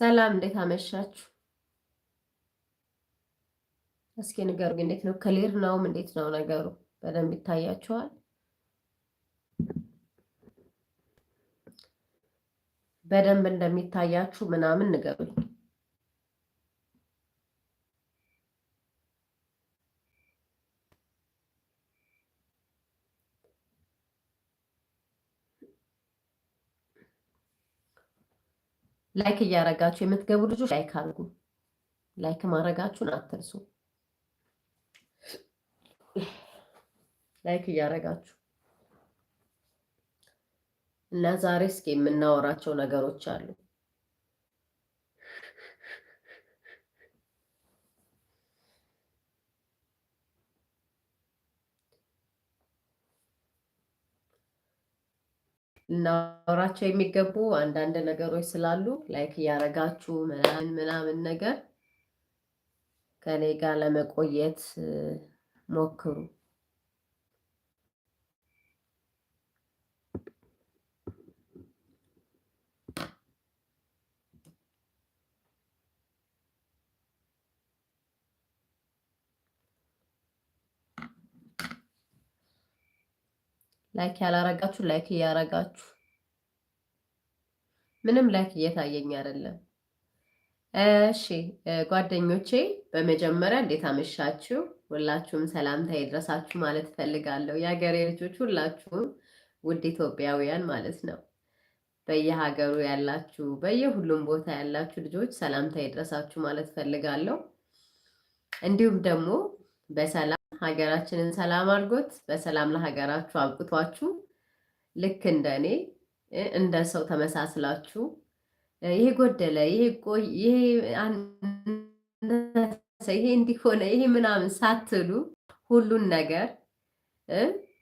ሰላም እንዴት አመሻችሁ? እስኪ ንገሩ፣ እንዴት ነው? ክሊር ነውም? እንዴት ነው ነገሩ? በደንብ ይታያችኋል? በደንብ እንደሚታያችሁ ምናምን ንገሩኝ። ላይክ እያረጋችሁ የምትገቡ ልጆች ላይክ አድርጉ። ላይክ ማድረጋችሁን አትርሱ። ላይክ እያረጋችሁ እና ዛሬ እስኪ የምናወራቸው ነገሮች አሉ። ልናወራቸው የሚገቡ አንዳንድ ነገሮች ስላሉ ላይክ እያረጋችሁ ምናምን ምናምን ነገር ከኔ ጋር ለመቆየት ሞክሩ። ላይክ ያላረጋችሁ ላይክ እያረጋችሁ ምንም ላይክ እየታየኝ አይደለም። እሺ ጓደኞቼ፣ በመጀመሪያ እንዴት አመሻችሁ? ሁላችሁም ሰላምታ ይድረሳችሁ ማለት እፈልጋለሁ። የሀገሬ ልጆች ሁላችሁም ውድ ኢትዮጵያውያን ማለት ነው። በየሀገሩ ያላችሁ በየሁሉም ቦታ ያላችሁ ልጆች ሰላምታ ይድረሳችሁ ማለት እፈልጋለሁ። እንዲሁም ደግሞ በሰላም ሀገራችንን ሰላም አድርጎት በሰላም ለሀገራችሁ አብቅቷችሁ ልክ እንደ እኔ እንደ ሰው ተመሳስላችሁ ይሄ ጎደለ፣ ይሄ ቆይ፣ ይሄ እንዲሆነ፣ ይሄ ምናምን ሳትሉ ሁሉን ነገር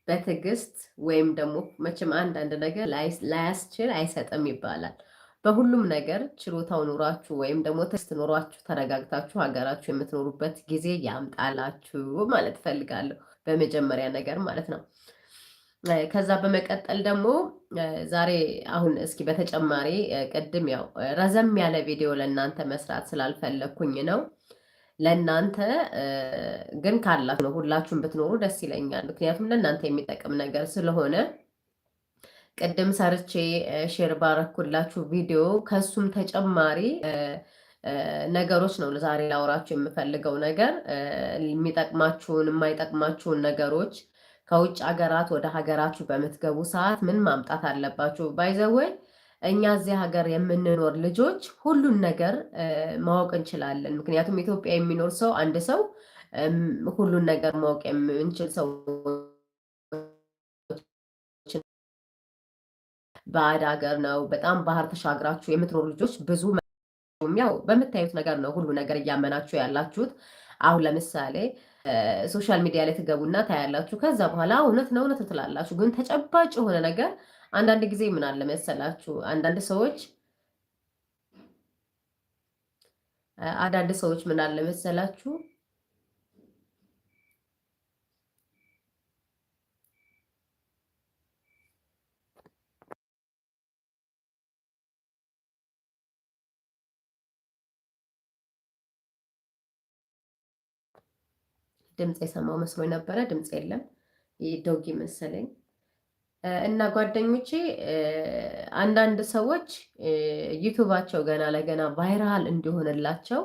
በትዕግስት ወይም ደግሞ መቼም አንዳንድ ነገር ላያስችል አይሰጥም ይባላል። በሁሉም ነገር ችሎታው ኑሯችሁ ወይም ደግሞ ተስት ኑሯችሁ ተረጋግታችሁ ሀገራችሁ የምትኖሩበት ጊዜ ያምጣላችሁ ማለት እፈልጋለሁ። በመጀመሪያ ነገር ማለት ነው። ከዛ በመቀጠል ደግሞ ዛሬ አሁን እስኪ በተጨማሪ ቅድም ያው ረዘም ያለ ቪዲዮ ለእናንተ መስራት ስላልፈለግኩኝ ነው። ለእናንተ ግን ካላችሁ ነው ሁላችሁም ብትኖሩ ደስ ይለኛል። ምክንያቱም ለእናንተ የሚጠቅም ነገር ስለሆነ ቅድም ሰርቼ ሼር ባረኩላችሁ ቪዲዮ ከሱም ተጨማሪ ነገሮች ነው ዛሬ ላውራችሁ የምፈልገው ነገር የሚጠቅማችሁን የማይጠቅማችሁን ነገሮች ከውጭ ሀገራት ወደ ሀገራችሁ በምትገቡ ሰዓት ምን ማምጣት አለባችሁ። ባይዘወይ እኛ እዚህ ሀገር የምንኖር ልጆች ሁሉን ነገር ማወቅ እንችላለን። ምክንያቱም ኢትዮጵያ የሚኖር ሰው አንድ ሰው ሁሉን ነገር ማወቅ የምንችል ሰው ባዕድ ሀገር ነው። በጣም ባህር ተሻግራችሁ የምትኖሩ ልጆች ብዙ ያው በምታዩት ነገር ነው ሁሉ ነገር እያመናችሁ ያላችሁት። አሁን ለምሳሌ ሶሻል ሚዲያ ላይ ትገቡና ታያላችሁ። ከዛ በኋላ እውነት ነው እውነት ትላላችሁ። ግን ተጨባጭ የሆነ ነገር አንዳንድ ጊዜ ምን አለ መሰላችሁ አንዳንድ ሰዎች አንዳንድ ሰዎች ምን አለ መሰላችሁ ድምፅ የሰማው መስሎ ነበረ። ድምፅ የለም ዶጊ መሰለኝ። እና ጓደኞቼ አንዳንድ ሰዎች ዩቱባቸው ገና ለገና ቫይራል እንዲሆንላቸው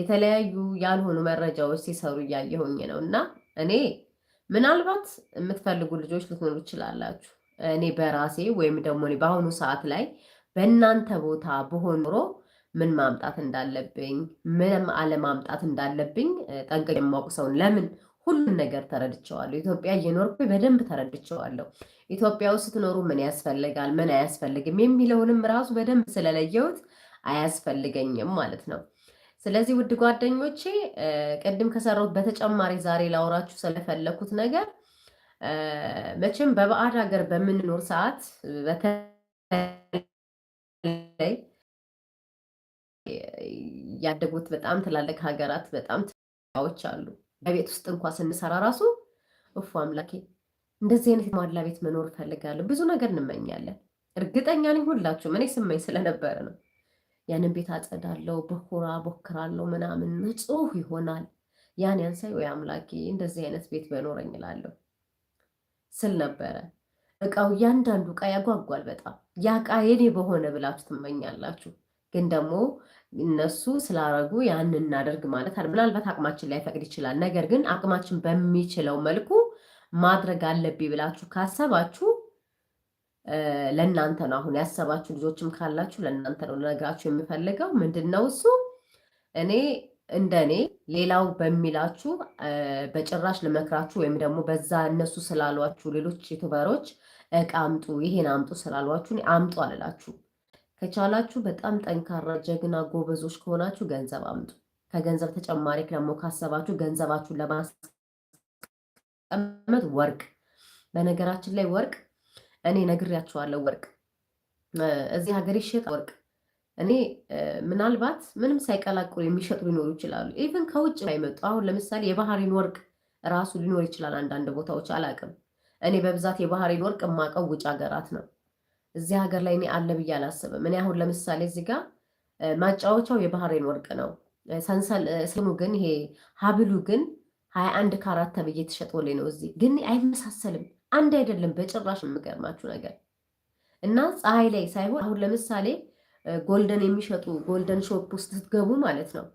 የተለያዩ ያልሆኑ መረጃዎች ሲሰሩ እያየሁኝ ነው። እና እኔ ምናልባት የምትፈልጉ ልጆች ልትኖሩ ትችላላችሁ። እኔ በራሴ ወይም ደግሞ በአሁኑ ሰዓት ላይ በእናንተ ቦታ ብሆን ኖሮ ምን ማምጣት እንዳለብኝ ምንም አለማምጣት እንዳለብኝ ጠንቀ የማውቅ ሰውን ለምን ሁሉን ነገር ተረድቸዋለሁ። ኢትዮጵያ እየኖርኩ በደንብ ተረድቸዋለሁ። ኢትዮጵያ ውስጥ ስትኖሩ ምን ያስፈልጋል፣ ምን አያስፈልግም የሚለውንም ራሱ በደንብ ስለለየሁት አያስፈልገኝም ማለት ነው። ስለዚህ ውድ ጓደኞቼ ቅድም ከሰራሁት በተጨማሪ ዛሬ ላውራችሁ ስለፈለኩት ነገር መቼም በባዕድ ሀገር በምንኖር ሰዓት በተለይ ያደጉት በጣም ትላልቅ ሀገራት በጣም ዎች አሉ። በቤት ውስጥ እንኳ ስንሰራ ራሱ እፎ አምላኬ እንደዚህ አይነት ማላ ቤት መኖር እፈልጋለሁ። ብዙ ነገር እንመኛለን። እርግጠኛ ነኝ ሁላችሁም እኔ ስመኝ ስለነበረ ነው። ያንን ቤት አጸዳለው፣ በኩራ ቦክራለው፣ ምናምን ንጹህ ይሆናል። ያን ያንሳይ ወይ አምላኬ እንደዚህ አይነት ቤት በኖረኝ እላለሁ ስል ነበረ። እቃው እያንዳንዱ እቃ ያጓጓል በጣም ያ እቃ የኔ በሆነ ብላችሁ ትመኛላችሁ። ግን ደግሞ እነሱ ስላረጉ ያን እናደርግ ማለት አይደል። ምናልባት አቅማችን ላይፈቅድ ይችላል። ነገር ግን አቅማችን በሚችለው መልኩ ማድረግ አለብኝ ብላችሁ ካሰባችሁ ለእናንተ ነው። አሁን ያሰባችሁ ልጆችም ካላችሁ ለእናንተ ነው ልነግራችሁ የምፈልገው ምንድን ነው እሱ እኔ እንደ እኔ ሌላው በሚላችሁ በጭራሽ ልመክራችሁ ወይም ደግሞ በዛ እነሱ ስላሏችሁ ሌሎች ዩቱበሮች እቃ አምጡ፣ ይሄን አምጡ ስላሏችሁ አምጡ አልላችሁ ከቻላችሁ በጣም ጠንካራ ጀግና ጎበዞች ከሆናችሁ ገንዘብ አምጡ። ከገንዘብ ተጨማሪ ደግሞ ካሰባችሁ ገንዘባችሁን ለማስቀመጥ ወርቅ። በነገራችን ላይ ወርቅ እኔ ነግሬያችኋለሁ። ወርቅ እዚህ ሀገር ይሸጣል። ወርቅ እኔ ምናልባት ምንም ሳይቀላቅሉ የሚሸጡ ሊኖሩ ይችላሉ። ኢቨን ከውጭ አይመጡ። አሁን ለምሳሌ የባህሪን ወርቅ ራሱ ሊኖር ይችላል አንዳንድ ቦታዎች አላውቅም። እኔ በብዛት የባህሪን ወርቅ የማውቀው ውጭ ሀገራት ነው። እዚህ ሀገር ላይ እኔ አለ ብዬ አላስብም። እኔ አሁን ለምሳሌ እዚህ ጋር ማጫወቻው የባህሬን ወርቅ ነው። ሰንሰል ስሙ ግን ይሄ ሀብሉ ግን ሀያ አንድ ካራት ተብዬ ተሸጦልኝ ነው። እዚህ ግን አይመሳሰልም፣ አንድ አይደለም በጭራሽ። የምገርማችሁ ነገር እና ፀሐይ ላይ ሳይሆን አሁን ለምሳሌ ጎልደን የሚሸጡ ጎልደን ሾፕ ውስጥ ስትገቡ ማለት ነው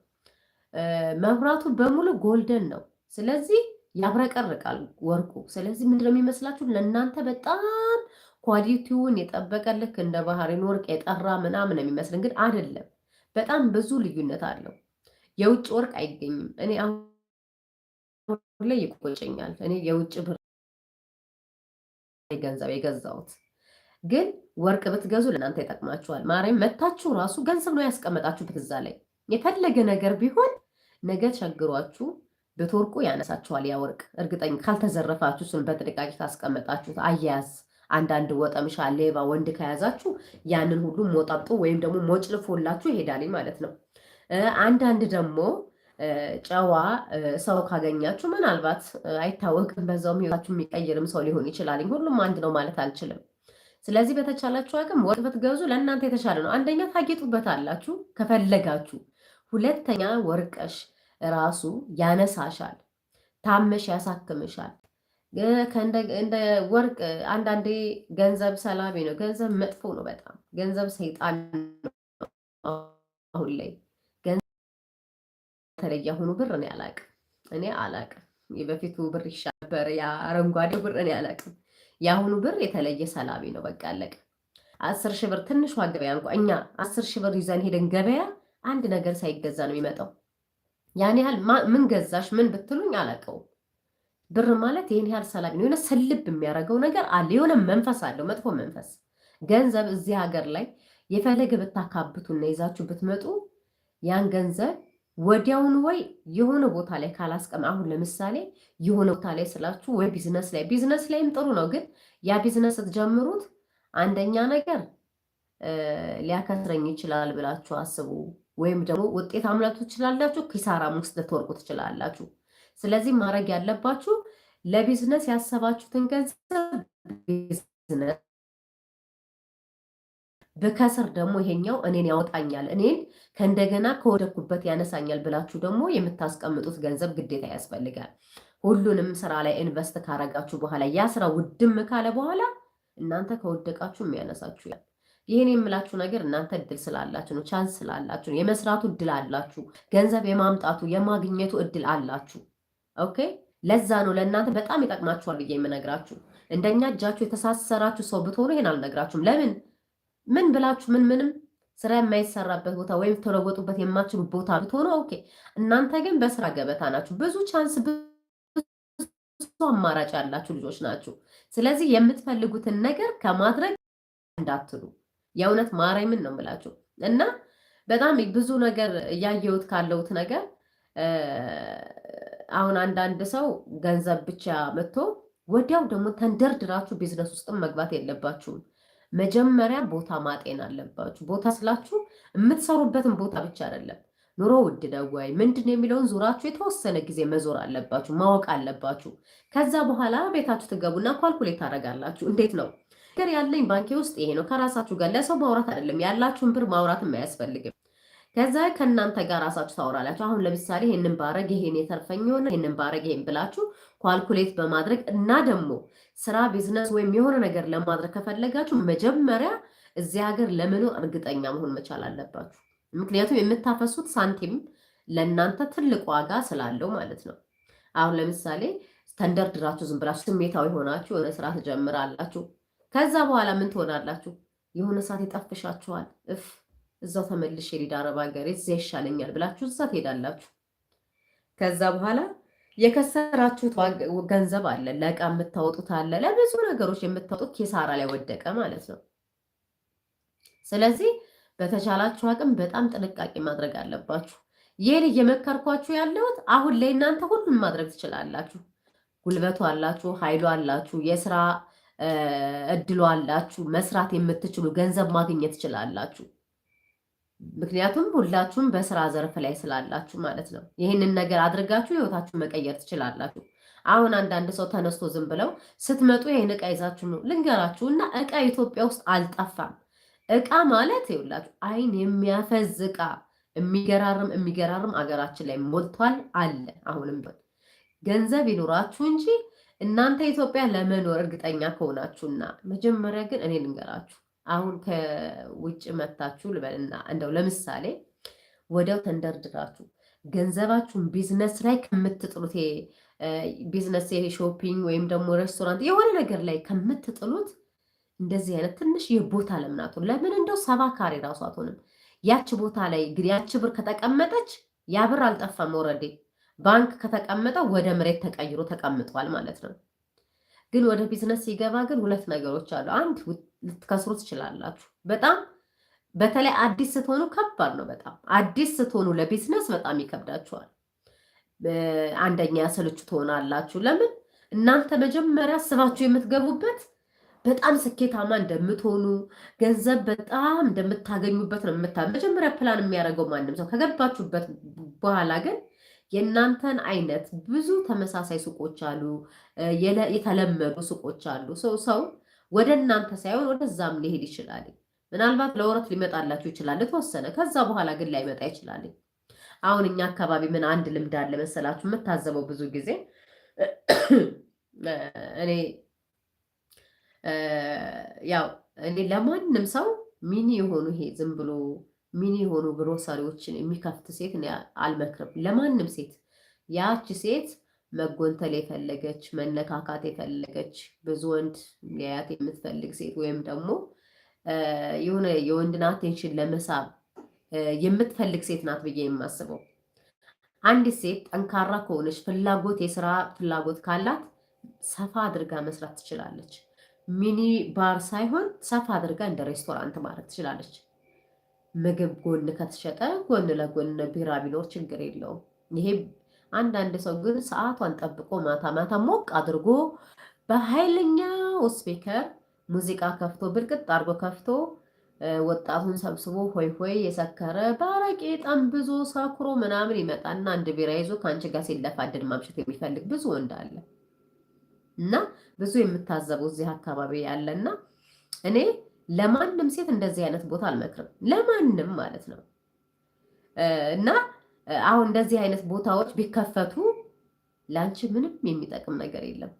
መብራቱ በሙሉ ጎልደን ነው። ስለዚህ ያብረቀርቃል ወርቁ። ስለዚህ ምንድነው የሚመስላችሁ ለእናንተ በጣም ኳሊቲውን የጠበቀ ልክ እንደ ባህሪን ወርቅ የጠራ ምናምን የሚመስልን ግን አይደለም። በጣም ብዙ ልዩነት አለው። የውጭ ወርቅ አይገኝም። እኔ አሁን ላይ ይቆጨኛል። እኔ የውጭ ብር ገንዘብ የገዛሁት ግን ወርቅ ብትገዙ ለእናንተ ይጠቅማችኋል። ማርያም መታችሁ ራሱ ገንዘብ ነው ያስቀመጣችሁበት እዛ ላይ የፈለገ ነገር ቢሆን ነገ ቸግሯችሁ ብትወርቁ ያነሳችኋል ያ ወርቅ እርግጠኛ ካልተዘረፋችሁ እሱን በጥንቃቄ ካስቀመጣችሁት አያያዝ አንዳንድ ወጠምሻ ሌባ ወንድ ከያዛችሁ ያንን ሁሉ ሞጣብጦ ወይም ደግሞ ሞጭልፎላችሁ ይሄዳል ማለት ነው። አንዳንድ ደግሞ ጨዋ ሰው ካገኛችሁ ምናልባት አይታወቅም፣ በዛውም ህይወታችሁ የሚቀይርም ሰው ሊሆን ይችላል። ሁሉም አንድ ነው ማለት አልችልም። ስለዚህ በተቻላችሁ አቅም ወርቅ ብትገዙ ለእናንተ የተሻለ ነው። አንደኛ ታጌጡበት አላችሁ ከፈለጋችሁ፣ ሁለተኛ ወርቀሽ ራሱ ያነሳሻል፣ ታመሽ ያሳክምሻል። እንደ ወርቅ አንዳንዴ ገንዘብ ሰላሚ ነው። ገንዘብ መጥፎ ነው። በጣም ገንዘብ ሰይጣን ነው። አሁን ላይ ተለየ አሁኑ ብር እኔ አላቅም፣ እኔ አላቅም። የበፊቱ ብር ይሻል ነበር፣ ያ አረንጓዴው ብር እኔ አላቅም። የአሁኑ ብር የተለየ ሰላሚ ነው። በቃ አለቀ። አስር ሺህ ብር ትንሿ ገበያ እንኳ እኛ አስር ሺህ ብር ይዘን ሄደን ገበያ አንድ ነገር ሳይገዛ ነው የሚመጣው። ያን ያህል ምን ገዛሽ ምን ብትሉኝ አላቀውም። ብር ማለት ይህን ያህል ሰላም የሆነ ስልብ የሚያደርገው ነገር አለ። የሆነ መንፈስ አለው፣ መጥፎ መንፈስ። ገንዘብ እዚህ ሀገር ላይ የፈለገ ብታካብቱና ይዛችሁ ብትመጡ ያን ገንዘብ ወዲያውን ወይ የሆነ ቦታ ላይ ካላስቀም አሁን ለምሳሌ የሆነ ቦታ ላይ ስላችሁ ወይ ቢዝነስ ላይ ቢዝነስ ላይም ጥሩ ነው፣ ግን ያ ቢዝነስ ስትጀምሩት አንደኛ ነገር ሊያከስረኝ ይችላል ብላችሁ አስቡ። ወይም ደግሞ ውጤት አምለቱ ትችላላችሁ፣ ኪሳራም ውስጥ ልትወርቁ ትችላላችሁ። ስለዚህ ማድረግ ያለባችሁ ለቢዝነስ ያሰባችሁትን ገንዘብ ቢዝነስ ደግሞ ይሄኛው እኔን ያወጣኛል፣ እኔን ከእንደገና ከወደኩበት ያነሳኛል ብላችሁ ደግሞ የምታስቀምጡት ገንዘብ ግዴታ ያስፈልጋል። ሁሉንም ስራ ላይ ኢንቨስት ካረጋችሁ በኋላ ያ ስራ ውድም ካለ በኋላ እናንተ ከወደቃችሁ የሚያነሳችሁ ያል። ይህን የምላችሁ ነገር እናንተ እድል ስላላችሁ ነው፣ ቻንስ ስላላችሁ ነው። የመስራቱ እድል አላችሁ፣ ገንዘብ የማምጣቱ የማግኘቱ እድል አላችሁ። ኦኬ ለዛ ነው ለእናንተ በጣም ይጠቅማችኋል ብዬ የምነግራችሁ። እንደኛ እጃችሁ የተሳሰራችሁ ሰው ብትሆኑ ይሄን አልነግራችሁም። ለምን ምን ብላችሁ ምን ምንም ስራ የማይሰራበት ቦታ ወይም ተለወጡበት የማችሉ ቦታ ብትሆኑ ኦኬ። እናንተ ግን በስራ ገበታ ናችሁ። ብዙ ቻንስ፣ ብዙ አማራጭ ያላችሁ ልጆች ናችሁ። ስለዚህ የምትፈልጉትን ነገር ከማድረግ እንዳትሉ የእውነት ማርያምን ነው የምላችሁ እና በጣም ብዙ ነገር እያየሁት ካለሁት ነገር አሁን አንዳንድ ሰው ገንዘብ ብቻ መጥቶ ወዲያው ደግሞ ተንደርድራችሁ ቢዝነስ ውስጥም መግባት የለባችሁም። መጀመሪያ ቦታ ማጤን አለባችሁ። ቦታ ስላችሁ የምትሰሩበትን ቦታ ብቻ አይደለም። ኑሮ ውድ ነው ወይ ምንድን የሚለውን ዙራችሁ የተወሰነ ጊዜ መዞር አለባችሁ፣ ማወቅ አለባችሁ። ከዛ በኋላ ቤታችሁ ትገቡና ኳልኩሌት ታደርጋላችሁ። እንዴት ነው ነገር ያለኝ ባንኬ ውስጥ ይሄ ነው። ከራሳችሁ ጋር ለሰው ማውራት አይደለም፣ ያላችሁን ብር ማውራትም አያስፈልግም። ከዛ ከእናንተ ጋር ራሳችሁ ታወራላችሁ። አሁን ለምሳሌ ይህንን ባረግ ይሄን የተርፈኝ ሆነ ይሄንን ባረግ ይሄን ብላችሁ ኳልኩሌት በማድረግ እና ደግሞ ስራ፣ ቢዝነስ ወይም የሆነ ነገር ለማድረግ ከፈለጋችሁ መጀመሪያ እዚህ ሀገር ለመኖር እርግጠኛ መሆን መቻል አለባችሁ። ምክንያቱም የምታፈሱት ሳንቲም ለእናንተ ትልቅ ዋጋ ስላለው ማለት ነው። አሁን ለምሳሌ ተንደርድራችሁ ዝም ብላችሁ ስሜታዊ ሆናችሁ የሆነ ስራ ትጀምራላችሁ። ከዛ በኋላ ምን ትሆናላችሁ? የሆነ ሰዓት ይጠፍሻችኋል እፍ እዛው ተመልሼ ሊድ አረብ ሀገር እዛ ይሻለኛል ብላችሁ እዛ ትሄዳላችሁ። ከዛ በኋላ የከሰራችሁት ገንዘብ አለ፣ ለእቃ የምታወጡት አለ፣ ለብዙ ነገሮች የምታወጡት ኪሳራ ላይ ወደቀ ማለት ነው። ስለዚህ በተቻላችሁ አቅም በጣም ጥንቃቄ ማድረግ አለባችሁ። ይህን እየመከርኳችሁ ያለሁት አሁን ላይ እናንተ ሁሉም ማድረግ ትችላላችሁ። ጉልበቱ አላችሁ፣ ኃይሉ አላችሁ፣ የስራ እድሉ አላችሁ፣ መስራት የምትችሉ ገንዘብ ማግኘት ትችላላችሁ። ምክንያቱም ሁላችሁም በስራ ዘርፍ ላይ ስላላችሁ ማለት ነው። ይህንን ነገር አድርጋችሁ ህይወታችሁን መቀየር ትችላላችሁ። አሁን አንዳንድ ሰው ተነስቶ ዝም ብለው ስትመጡ ይህን እቃ ይዛችሁ ነው ልንገራችሁ እና እቃ ኢትዮጵያ ውስጥ አልጠፋም። እቃ ማለት ይውላችሁ አይን የሚያፈዝ እቃ የሚገራርም የሚገራርም አገራችን ላይ ሞልቷል አለ። አሁንም ገንዘብ ይኖራችሁ እንጂ እናንተ ኢትዮጵያ ለመኖር እርግጠኛ ከሆናችሁና መጀመሪያ ግን እኔ ልንገራችሁ አሁን ከውጭ መታችሁ ልበልና እንደው ለምሳሌ ወዲያው ተንደርድራችሁ ገንዘባችሁን ቢዝነስ ላይ ከምትጥሉት ቢዝነስ ሾፒንግ ወይም ደግሞ ሬስቶራንት የሆነ ነገር ላይ ከምትጥሉት እንደዚህ አይነት ትንሽ የቦታ ለምናቱ ለምን እንደው ሰባ ካሬ ራሱ አትሆንም። ያች ቦታ ላይ እንግዲህ ያች ብር ከተቀመጠች ያ ብር አልጠፋም። ወረዴ ባንክ ከተቀመጠ ወደ መሬት ተቀይሮ ተቀምጧል ማለት ነው። ግን ወደ ቢዝነስ ሲገባ ግን ሁለት ነገሮች አሉ። አንድ ልትከስሩ ትችላላችሁ። በጣም በተለይ አዲስ ስትሆኑ ከባድ ነው። በጣም አዲስ ስትሆኑ ለቢዝነስ በጣም ይከብዳችኋል። አንደኛ ስልቹ ትሆናላችሁ። ለምን እናንተ መጀመሪያ ስባችሁ የምትገቡበት በጣም ስኬታማ እንደምትሆኑ ገንዘብ በጣም እንደምታገኙበት ነው። የምታ መጀመሪያ ፕላን የሚያደርገው ማንም ሰው ከገባችሁበት በኋላ ግን የእናንተን አይነት ብዙ ተመሳሳይ ሱቆች አሉ፣ የተለመዱ ሱቆች አሉ ሰው ወደ እናንተ ሳይሆን ወደዛም ሊሄድ ይችላል። ምናልባት ለወረት ሊመጣላችሁ ይችላል የተወሰነ፣ ከዛ በኋላ ግን ላይመጣ ይችላል። አሁን እኛ አካባቢ ምን አንድ ልምድ አለ መሰላችሁ? የምታዘበው ብዙ ጊዜ እኔ ያው እኔ ለማንም ሰው ሚኒ የሆኑ ይሄ ዝም ብሎ ሚኒ የሆኑ ግሮሰሪዎችን የሚከፍት ሴት አልመክርም። ለማንም ሴት ያቺ ሴት መጎንተል የፈለገች መነካካት የፈለገች ብዙ ወንድ ሊያያት የምትፈልግ ሴት ወይም ደግሞ የሆነ የወንድን አቴንሽን ለመሳብ የምትፈልግ ሴት ናት ብዬ የማስበው። አንዲት ሴት ጠንካራ ከሆነች ፍላጎት፣ የስራ ፍላጎት ካላት ሰፋ አድርጋ መስራት ትችላለች። ሚኒ ባር ሳይሆን ሰፋ አድርጋ እንደ ሬስቶራንት ማድረግ ትችላለች። ምግብ ጎን ከተሸጠ ጎን ለጎን ቢራ ቢኖር ችግር የለውም። ይሄ አንዳንድ ሰው ግን ሰዓቷን ጠብቆ ማታ ማታ ሞቅ አድርጎ በኃይለኛው ስፒከር ሙዚቃ ከፍቶ ብልቅጥ አድርጎ ከፍቶ ወጣቱን ሰብስቦ ሆይ ሆይ የሰከረ በአረቄ ጠንብዞ ሰክሮ ምናምን ይመጣና አንድ ቢራ ይዞ ከአንቺ ጋር ሲለፋደድ ማምሸት የሚፈልግ ብዙ ወንድ አለ እና ብዙ የምታዘበው እዚህ አካባቢ ያለና እኔ ለማንም ሴት እንደዚህ አይነት ቦታ አልመክርም። ለማንም ማለት ነው እና አሁን እንደዚህ አይነት ቦታዎች ቢከፈቱ ለአንቺ ምንም የሚጠቅም ነገር የለም።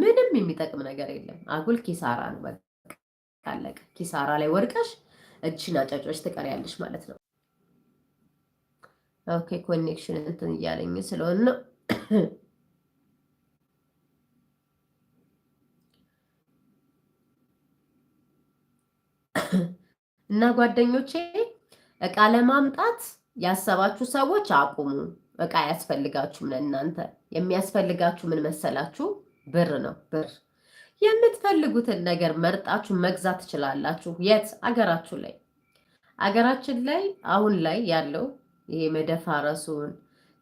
ምንም የሚጠቅም ነገር የለም። አጉል ኪሳራ ነው። በቃ አለቀ። ኪሳራ ላይ ወድቀሽ እጅሽን አጫጮች ትቀሪያለሽ ማለት ነው። ኦኬ ኮኔክሽን እንትን እያለኝ ስለሆነ እና ጓደኞቼ እቃ ለማምጣት ያሰባችሁ ሰዎች አቁሙ። እቃ አያስፈልጋችሁም። ለእናንተ የሚያስፈልጋችሁ ምን መሰላችሁ? ብር ነው። ብር የምትፈልጉትን ነገር መርጣችሁ መግዛት ትችላላችሁ። የት? አገራችሁ ላይ አገራችን ላይ አሁን ላይ ያለው ይሄ መደፋረሱን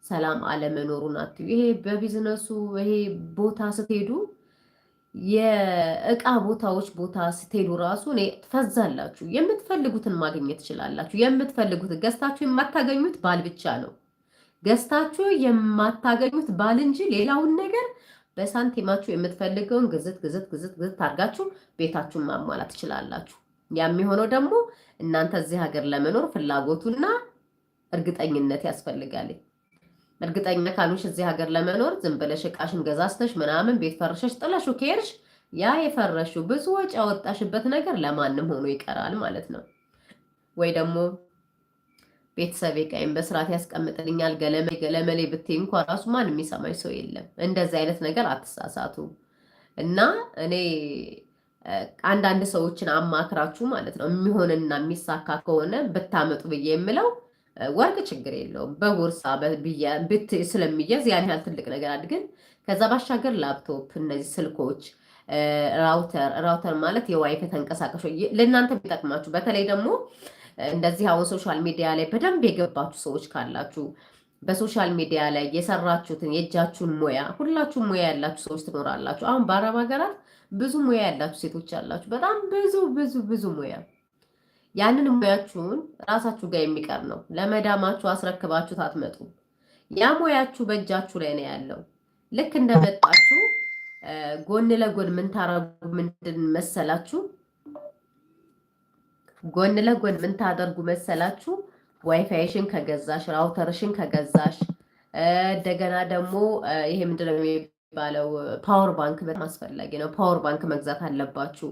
ሰላም አለመኖሩን አትዩ። ይሄ በቢዝነሱ ይሄ ቦታ ስትሄዱ የእቃ ቦታዎች ቦታ ስትሄዱ ራሱ እኔ ትፈዛላችሁ። የምትፈልጉትን ማግኘት ትችላላችሁ። የምትፈልጉትን ገዝታችሁ የማታገኙት ባል ብቻ ነው። ገዝታችሁ የማታገኙት ባል እንጂ ሌላውን ነገር በሳንቲማችሁ የምትፈልገውን ግዝት ግዝት ግዝት ግዝት አድርጋችሁ ቤታችሁን ማሟላት ትችላላችሁ። ያ የሚሆነው ደግሞ እናንተ እዚህ ሀገር ለመኖር ፍላጎቱና እርግጠኝነት ያስፈልጋል። እርግጠኛ ካልሆንሽ እዚህ ሀገር ለመኖር ዝም ብለሽ እቃሽን ገዛዝተሽ ምናምን ቤት ፈርሸሽ ጥለሽው ከሄድሽ ያ የፈረሹ ብዙ ወጪ ያወጣሽበት ነገር ለማንም ሆኖ ይቀራል ማለት ነው። ወይ ደግሞ ቤተሰብ ቀይም በስርዓት ያስቀምጥልኛል ገለመሌ ብትይ እንኳ ራሱ ማን የሚሰማኝ ሰው የለም። እንደዚህ አይነት ነገር አትሳሳቱ እና እኔ አንዳንድ ሰዎችን አማክራችሁ ማለት ነው የሚሆንና የሚሳካ ከሆነ ብታመጡ ብዬ የምለው ወርቅ ችግር የለውም በቦርሳ ስለሚያዝ ያን ያህል ትልቅ ነገር አድ ግን ከዛ ባሻገር ላፕቶፕ፣ እነዚህ ስልኮች፣ ራውተር ራውተር ማለት የዋይፋይ ተንቀሳቀሾ ለእናንተ የሚጠቅማችሁ በተለይ ደግሞ እንደዚህ አሁን ሶሻል ሚዲያ ላይ በደንብ የገባችሁ ሰዎች ካላችሁ በሶሻል ሚዲያ ላይ የሰራችሁትን የእጃችሁን ሙያ ሁላችሁም ሙያ ያላችሁ ሰዎች ትኖራላችሁ። አሁን በአረብ ሀገራት ብዙ ሙያ ያላችሁ ሴቶች አላችሁ። በጣም ብዙ ብዙ ብዙ ሙያ ያንን ሙያችሁን ራሳችሁ ጋር የሚቀር ነው። ለመዳማችሁ አስረክባችሁ ታትመጡ ያ ሙያችሁ በእጃችሁ ላይ ነው ያለው። ልክ እንደመጣችሁ ጎን ለጎን ምን ታረጉ ምንድን መሰላችሁ? ጎን ለጎን ምን ታደርጉ መሰላችሁ? ዋይፋይሽን ከገዛሽ፣ ራውተርሽን ከገዛሽ እንደገና ደግሞ ይሄ ምንድነው የሚባለው ፓወር ባንክ በጣም አስፈላጊ ነው። ፓወር ባንክ መግዛት አለባችሁ።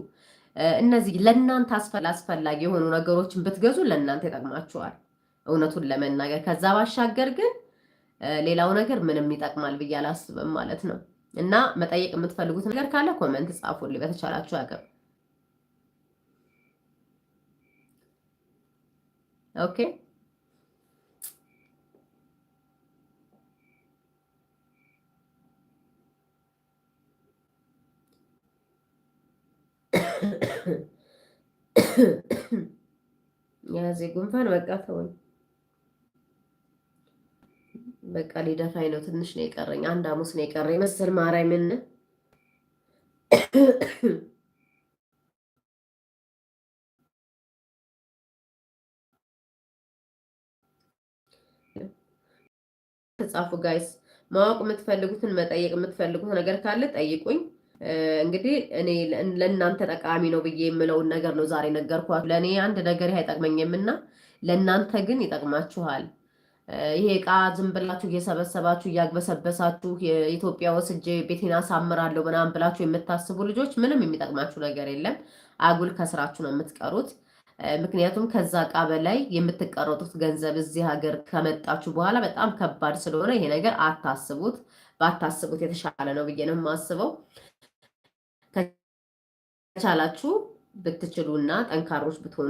እነዚህ ለእናንተ አስፈላጊ የሆኑ ነገሮችን ብትገዙ ለእናንተ ይጠቅማችኋል፣ እውነቱን ለመናገር ከዛ ባሻገር ግን ሌላው ነገር ምንም ይጠቅማል ብዬ አላስብም ማለት ነው። እና መጠየቅ የምትፈልጉት ነገር ካለ ኮመንት ጻፉልኝ በተቻላችሁ አቅም። ኦኬ ያዜ ጉንፋን በቃ ተወኝ። በቃ ሊደፋኝ ነው። ትንሽ ነው የቀረኝ። አንድ ሐሙስ ነው የቀረኝ መሰል ማርያምን ተጻፉ ጋይስ። ማወቅ የምትፈልጉትን መጠየቅ የምትፈልጉት ነገር ካለ ጠይቁኝ። እንግዲህ እኔ ለእናንተ ጠቃሚ ነው ብዬ የምለውን ነገር ነው ዛሬ ነገርኳችሁ። ለእኔ አንድ ነገር አይጠቅመኝም እና ለእናንተ ግን ይጠቅማችኋል። ይሄ እቃ ዝም ብላችሁ እየሰበሰባችሁ እያግበሰበሳችሁ የኢትዮጵያ ወስጄ ቤቴን አሳምራለሁ ምናምን ብላችሁ የምታስቡ ልጆች ምንም የሚጠቅማችሁ ነገር የለም። አጉል ከስራችሁ ነው የምትቀሩት። ምክንያቱም ከዛ እቃ በላይ የምትቀረጡት ገንዘብ እዚህ ሀገር ከመጣችሁ በኋላ በጣም ከባድ ስለሆነ ይሄ ነገር አታስቡት። ባታስቡት የተሻለ ነው ብዬ ነው የማስበው። ከቻላችሁ ብትችሉና ጠንካሮች ብትሆኑ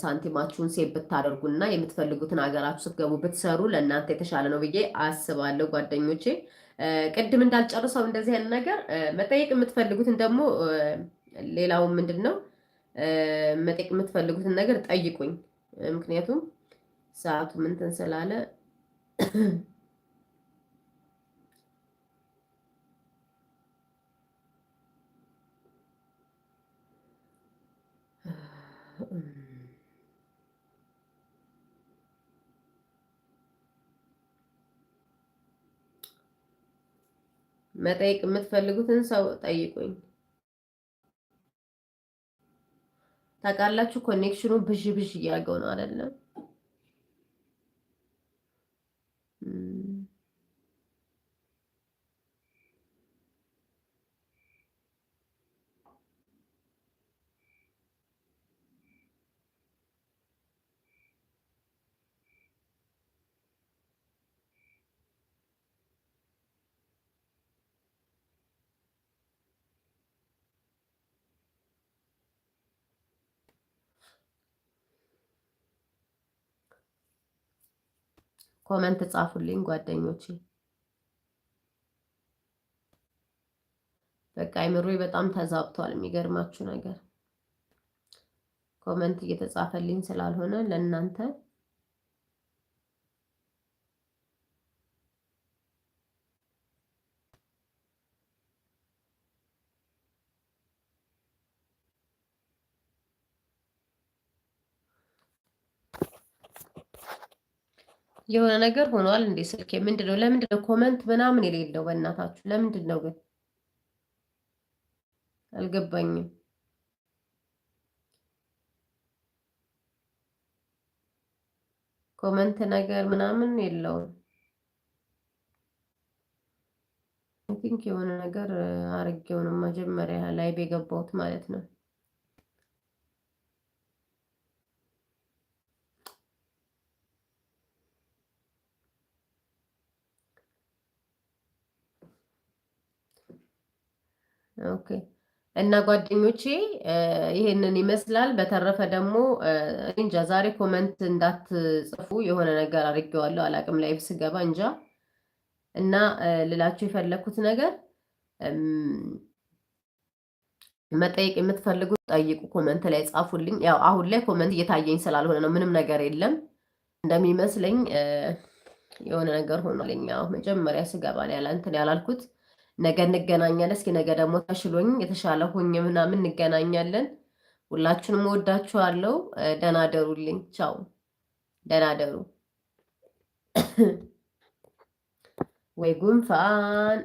ሳንቲማችሁን ሴ ብታደርጉና የምትፈልጉትን ሀገራችሁ ስትገቡ ብትሰሩ ለእናንተ የተሻለ ነው ብዬ አስባለሁ ጓደኞቼ። ቅድም እንዳልጨርሰው እንደዚህ ያለ ነገር መጠየቅ የምትፈልጉትን ደግሞ ሌላው ምንድን ነው መጠየቅ የምትፈልጉትን ነገር ጠይቁኝ። ምክንያቱም ሰዓቱ ምንትን ስላለ መጠየቅ የምትፈልጉትን ሰው ጠይቁኝ። ታውቃላችሁ፣ ኮኔክሽኑ ብዥ ብዥ እያደረገው ነው አይደለም? ኮመንት ጻፉልኝ ጓደኞቼ። በቃ አይምሮ በጣም ተዛብቷል። የሚገርማችሁ ነገር ኮመንት እየተጻፈልኝ ስላልሆነ ለእናንተ የሆነ ነገር ሆኗል እንዴ? ስልኬ ምንድነው? ለምንድነው ኮመንት ምናምን የሌለው? በእናታችሁ ለምንድን ነው ግን አልገባኝም። ኮመንት ነገር ምናምን የለውም። አይ ቲንክ የሆነ ነገር አርጌው ነው መጀመሪያ ላይ የገባሁት ማለት ነው። ኦኬ እና ጓደኞቼ ይሄንን ይመስላል። በተረፈ ደግሞ እንጃ ዛሬ ኮመንት እንዳትጽፉ የሆነ ነገር አድርጌዋለሁ አላቅም፣ ላይፍ ስገባ እንጃ። እና ልላችሁ የፈለግኩት ነገር መጠየቅ የምትፈልጉት ጠይቁ፣ ኮመንት ላይ ጻፉልኝ። ያው አሁን ላይ ኮመንት እየታየኝ ስላልሆነ ነው፣ ምንም ነገር የለም እንደሚመስለኝ የሆነ ነገር ሆኗል። ሆኗልኝ። መጀመሪያ ስገባ ላይ ያላንትን ያላልኩት ነገ እንገናኛለን። እስኪ ነገ ደግሞ ተሽሎኝ የተሻለ ሆኝ ምናምን እንገናኛለን። ሁላችሁንም ወዳችኋለሁ። ደህና ደሩልኝ። ቻው፣ ደህና ደሩ። ወይ ጉንፋን